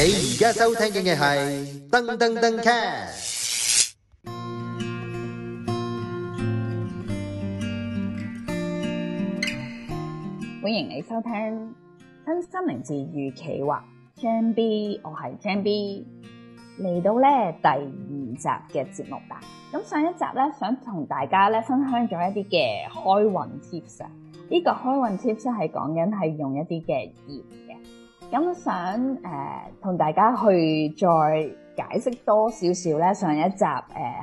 你而家收聽嘅係噔噔噔 cast，歡迎你收聽《新心靈字語企劃》。J B，我係 J B，嚟到咧第二集嘅節目啦。咁上一集咧，想同大家咧分享咗一啲嘅開運 tips 啊。呢個開運 tips 係講緊係用一啲嘅熱。咁想誒同、呃、大家去再解釋多少少咧，上一集誒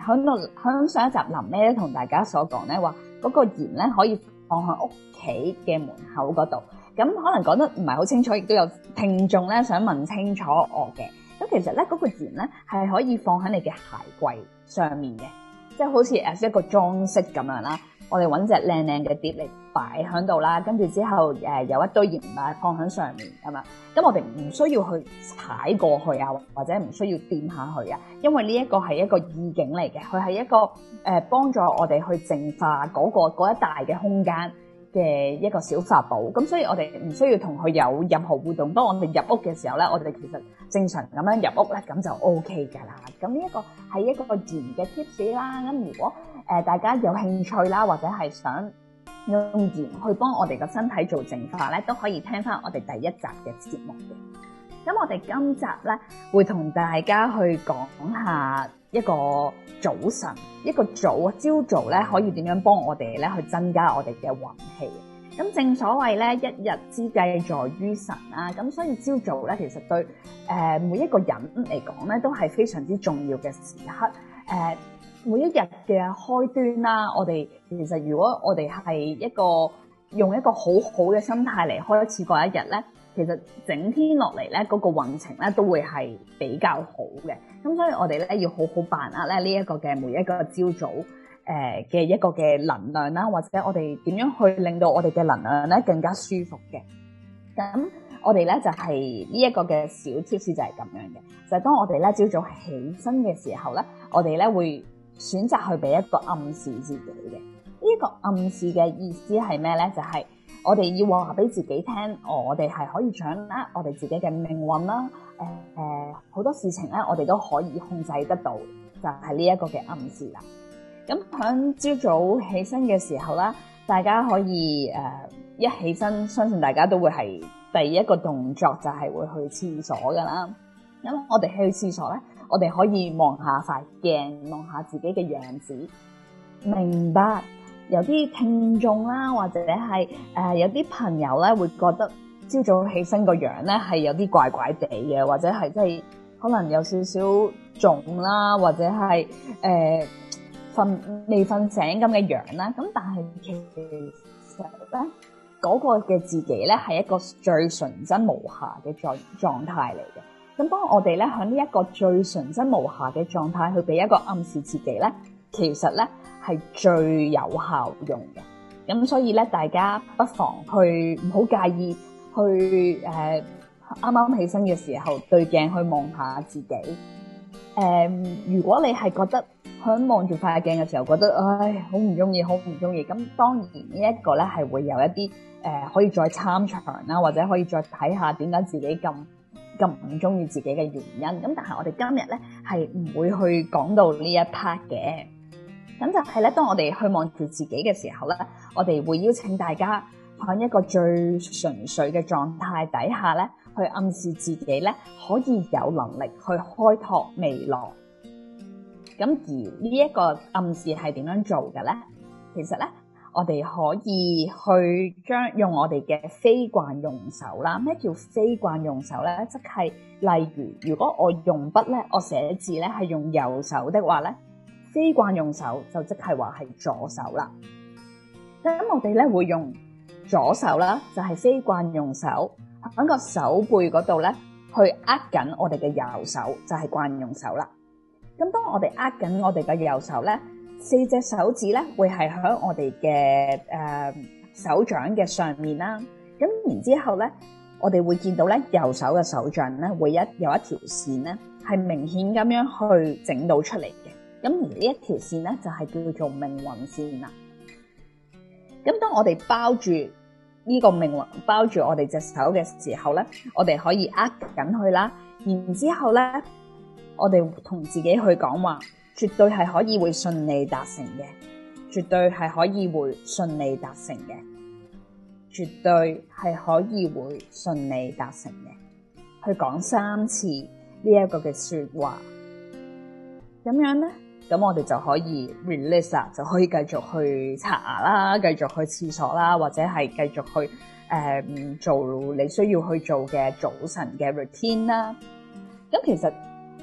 響度，響上一集臨尾咧，同大家所講咧，話嗰個鹽咧，可以放喺屋企嘅門口嗰度，咁可能講得唔係好清楚，亦都有聽眾咧想問清楚我嘅。咁其實咧嗰、嗰個鹽咧，係可以放喺你嘅鞋櫃上面嘅，即係好似誒一個裝飾咁樣啦。我哋搵隻靚靚嘅碟嚟。擺喺度啦，跟住之後誒有一堆鹽啊，放喺上面咁啊。咁我哋唔需要去踩過去啊，或者唔需要掂下佢啊，因為呢一個係一個意境嚟嘅，佢係一個誒幫助我哋去淨化嗰個嗰一大嘅空間嘅一個小法寶。咁所以我哋唔需要同佢有任何互動。當我哋入屋嘅時候咧，我哋其實正常咁樣入屋咧，咁就 O K 㗎啦。咁呢一個係一個鹽嘅 tips 啦。咁如果誒、呃、大家有興趣啦，或者係想～用鹽去幫我哋嘅身體做淨化咧，都可以聽翻我哋第一集嘅節目嘅。咁我哋今集咧會同大家去講下一個早晨，一個早朝早咧可以點樣幫我哋咧去增加我哋嘅運氣？咁正所謂咧，一日之計在於晨啊，咁所以朝早咧其實對誒、呃、每一個人嚟講咧都係非常之重要嘅時刻誒。呃每一日嘅開端啦，我哋其實如果我哋係一個用一個好好嘅心態嚟開始過一日咧，其實整天落嚟咧嗰個運程咧都會係比較好嘅。咁所以我哋咧要好好把握咧呢一個嘅每一個朝早誒嘅一個嘅能量啦，或者我哋點樣去令到我哋嘅能量咧更加舒服嘅。咁我哋咧就係呢一個嘅小 tips 就係咁樣嘅，就係當我哋咧朝早起身嘅時候咧，我哋咧會。選擇去俾一個暗示自己嘅，呢個暗示嘅意思係咩咧？就係、是、我哋要話俾自己聽，我哋係可以掌握我哋自己嘅命運啦。誒、誒、好多事情咧，我哋都可以控制得到，就係呢一個嘅暗示啦。咁響朝早起身嘅時候啦，大家可以、呃、一起身，相信大家都會係第一個動作就係會去廁所噶啦。咁我哋去廁所咧。我哋可以望下塊鏡，望下自己嘅樣子。明白，有啲聽眾啦，或者係誒、呃、有啲朋友咧，會覺得朝早起身個樣咧係有啲怪怪地嘅，或者係即係可能有少少腫啦，或者係誒瞓未瞓醒咁嘅樣啦。咁但係其實咧，嗰個嘅自己咧係一個最純真無瑕嘅狀狀態嚟嘅。咁，當我哋咧喺呢一個最純真無瑕嘅狀態，去俾一個暗示自己咧，其實咧係最有效用嘅。咁所以咧，大家不妨去唔好介意去，去啱啱起身嘅時候對鏡去望下自己、呃。如果你係覺得喺望住塊鏡嘅時候覺得，唉，好唔中意，好唔中意。咁當然呢一個咧係會有一啲、呃、可以再參詳啦，或者可以再睇下點解自己咁。咁唔中意自己嘅原因咁，但係我哋今日咧係唔會去講到呢一 part 嘅。咁就係咧，當我哋去望住自己嘅時候咧，我哋會邀請大家喺一個最純粹嘅狀態底下咧，去暗示自己咧可以有能力去開拓未來。咁而呢一個暗示係點樣做嘅咧？其實咧。我哋可以去將用我哋嘅非慣用手啦。咩叫非慣用手咧？即係例如，如果我用筆咧，我寫字咧係用右手的話咧，非慣用手就即係話係左手啦。咁我哋咧會用左手啦，就係非慣用手揾個手背嗰度咧，去握緊我哋嘅右手，就係慣用手啦。咁當我哋握緊我哋嘅右手咧。四隻手指咧，會係喺我哋嘅誒手掌嘅上面啦。咁然之後咧，我哋會見到咧右手嘅手掌咧，會一有一條線咧，係明顯咁樣去整到出嚟嘅。咁而呢一條線咧，就係叫做命運線啦。咁當我哋包住呢個命運包住我哋隻手嘅時候咧，我哋可以握緊佢啦。然之後咧，我哋同自己去講話。絕對係可以會順利達成嘅，絕對係可以會順利達成嘅，絕對係可以會順利達成嘅。去講三次呢一個嘅説話，咁樣咧，咁我哋就可以 release 啊，就可以繼續去刷牙啦，繼續去廁所啦，或者係繼續去、呃、做你需要去做嘅早晨嘅 routine 啦。咁其實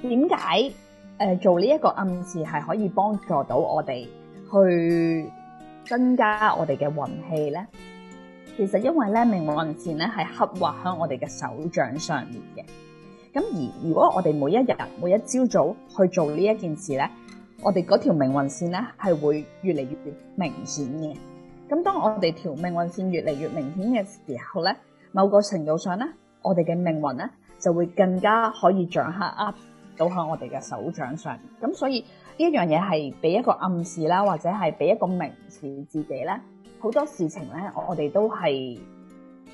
點解？為什麼誒做呢一個暗示係可以幫助到我哋去增加我哋嘅運氣咧。其實因為咧，命運線咧係刻畫喺我哋嘅手掌上面嘅。咁而如果我哋每一日每一朝早去做呢一件事咧，我哋嗰條命運線咧係會越嚟越明顯嘅。咁當我哋條命運線越嚟越明顯嘅時候咧，某個程度上咧，我哋嘅命運咧就會更加可以掌握啊！倒喺我哋嘅手掌上，咁所以呢一樣嘢係俾一個暗示啦，或者係俾一個明示自己咧，好多事情咧，我哋都係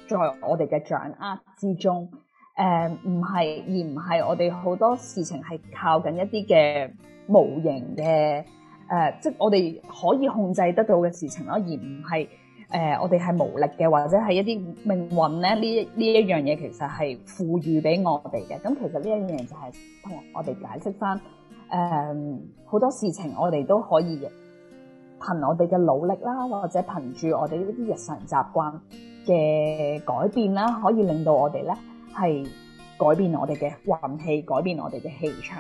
在我哋嘅掌握之中，誒唔係而唔係我哋好多事情係靠緊一啲嘅模型嘅誒，即係我哋可以控制得到嘅事情咯，而唔係。誒、呃，我哋係無力嘅，或者係一啲命運咧。呢呢一樣嘢其實係賦予俾我哋嘅。咁其實呢一樣嘢就係同我哋解釋翻誒好多事情，我哋都可以憑我哋嘅努力啦，或者憑住我哋呢啲日常習慣嘅改變啦，可以令到我哋咧係改變我哋嘅運氣，改變我哋嘅氣場。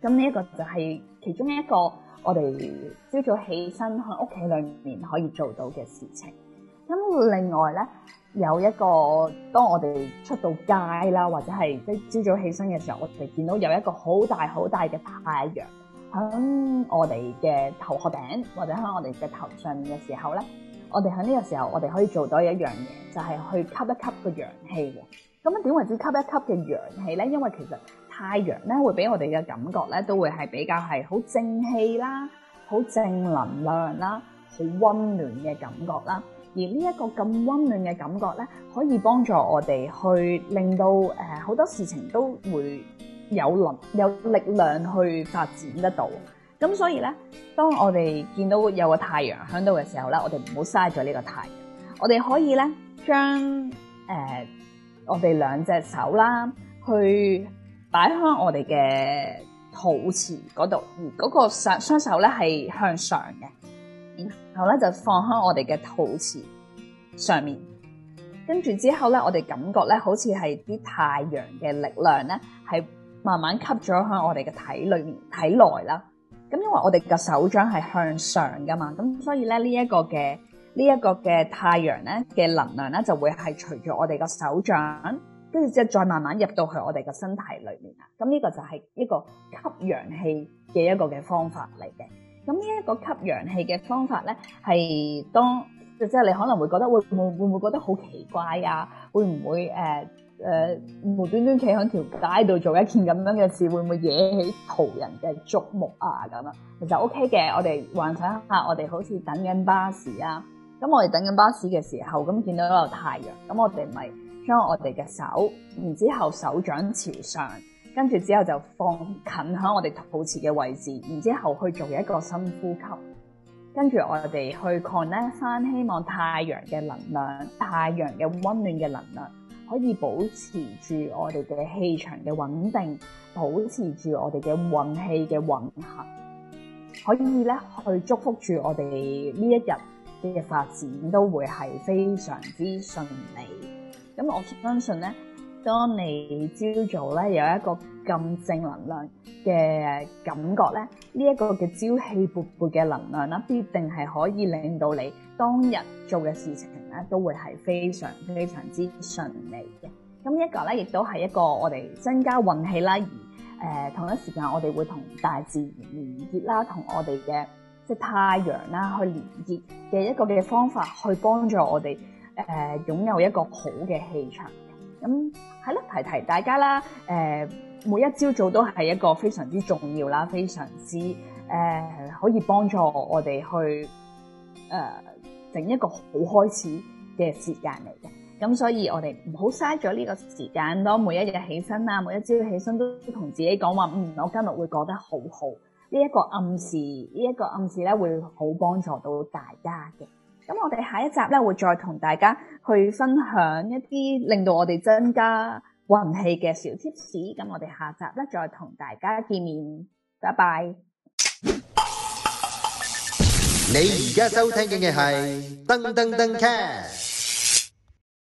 咁呢一個就係其中一個我哋朝早起身喺屋企裏面可以做到嘅事情。咁另外咧有一個，當我哋出到街啦，或者係即朝早起身嘅時候，我哋見到有一個好大好大嘅太陽喺我哋嘅頭殼頂，或者喺我哋嘅頭上面嘅時候咧，我哋喺呢個時候，我哋可以做到一樣嘢，就係去吸一吸個陽氣。咁樣點為之吸一吸嘅陽氣咧？因為其實。太陽咧，會俾我哋嘅感覺咧，都會係比較係好正氣啦，好正能量啦，好溫暖嘅感覺啦。而呢一個咁溫暖嘅感覺咧，可以幫助我哋去令到誒好、呃、多事情都會有能有力量去發展得到。咁所以咧，當我哋見到有個太陽響度嘅時候咧，我哋唔好嘥咗呢個太陽，我哋可以咧將誒、呃、我哋兩隻手啦去。擺開我哋嘅肚臍嗰度，嗰、嗰個雙雙手咧係向上嘅，然後咧就放開我哋嘅肚臍上面，跟住之後咧，我哋感覺咧好似係啲太陽嘅力量咧，係慢慢吸咗喺我哋嘅體裏面體內啦。咁因為我哋嘅手掌係向上噶嘛，咁所以咧呢一個嘅呢一個嘅太陽咧嘅能量咧就會係隨住我哋個手掌。跟住之後，再慢慢入到去我哋嘅身體裏面啊！咁呢個就係一個吸陽氣嘅一個嘅方法嚟嘅。咁呢一個吸陽氣嘅方法咧，係當即係、就是、你可能會覺得會會唔會，會覺得好奇怪啊？會唔會誒誒、呃呃、無端端企喺條街度做一件咁樣嘅事，會唔會惹起途人嘅矚目啊？咁樣，其實 OK 嘅，我哋幻想下，我哋好似等緊巴士啊！咁我哋等緊巴士嘅時候，咁見到有個太陽，咁我哋咪～將我哋嘅手，然之後手掌朝上，跟住之後就放近響我哋肚臍嘅位置，然之後去做一個深呼吸，跟住我哋去 connect 翻，希望太陽嘅能量、太陽嘅溫暖嘅能量，可以保持住我哋嘅氣場嘅穩定，保持住我哋嘅運氣嘅運行，可以咧去祝福住我哋呢一日嘅發展都會係非常之順利。咁我相信咧，當你朝早咧有一個咁正能量嘅感覺咧，呢一個嘅朝氣勃勃嘅能量啦，必定係可以令到你當日做嘅事情咧，都會係非常非常之順利嘅。咁一個咧，亦都係一個我哋增加運氣啦，而、呃、同一時間我哋會同大自然連結啦，同我哋嘅即係太陽啦去連結嘅一個嘅方法，去幫助我哋。誒、呃、擁有一個好嘅氣場，咁係啦，提提大家啦。誒、呃，每一朝早都係一個非常之重要啦，非常之誒、呃，可以幫助我哋去誒整、呃、一個好開始嘅時間嚟嘅。咁、嗯、所以，我哋唔好嘥咗呢個時間咯。每一日起身啦，每一朝起身都同自己講話，嗯，我今日會過得好好。呢、這、一個暗示，呢、這、一個暗示咧，會好幫助到大家嘅。咁我哋下一集咧，會再同大家去分享一啲令到我哋增加運氣嘅小 tips，咁我哋下集咧，再同大家見面，拜拜。你而家收聽嘅係噔噔噔 cast。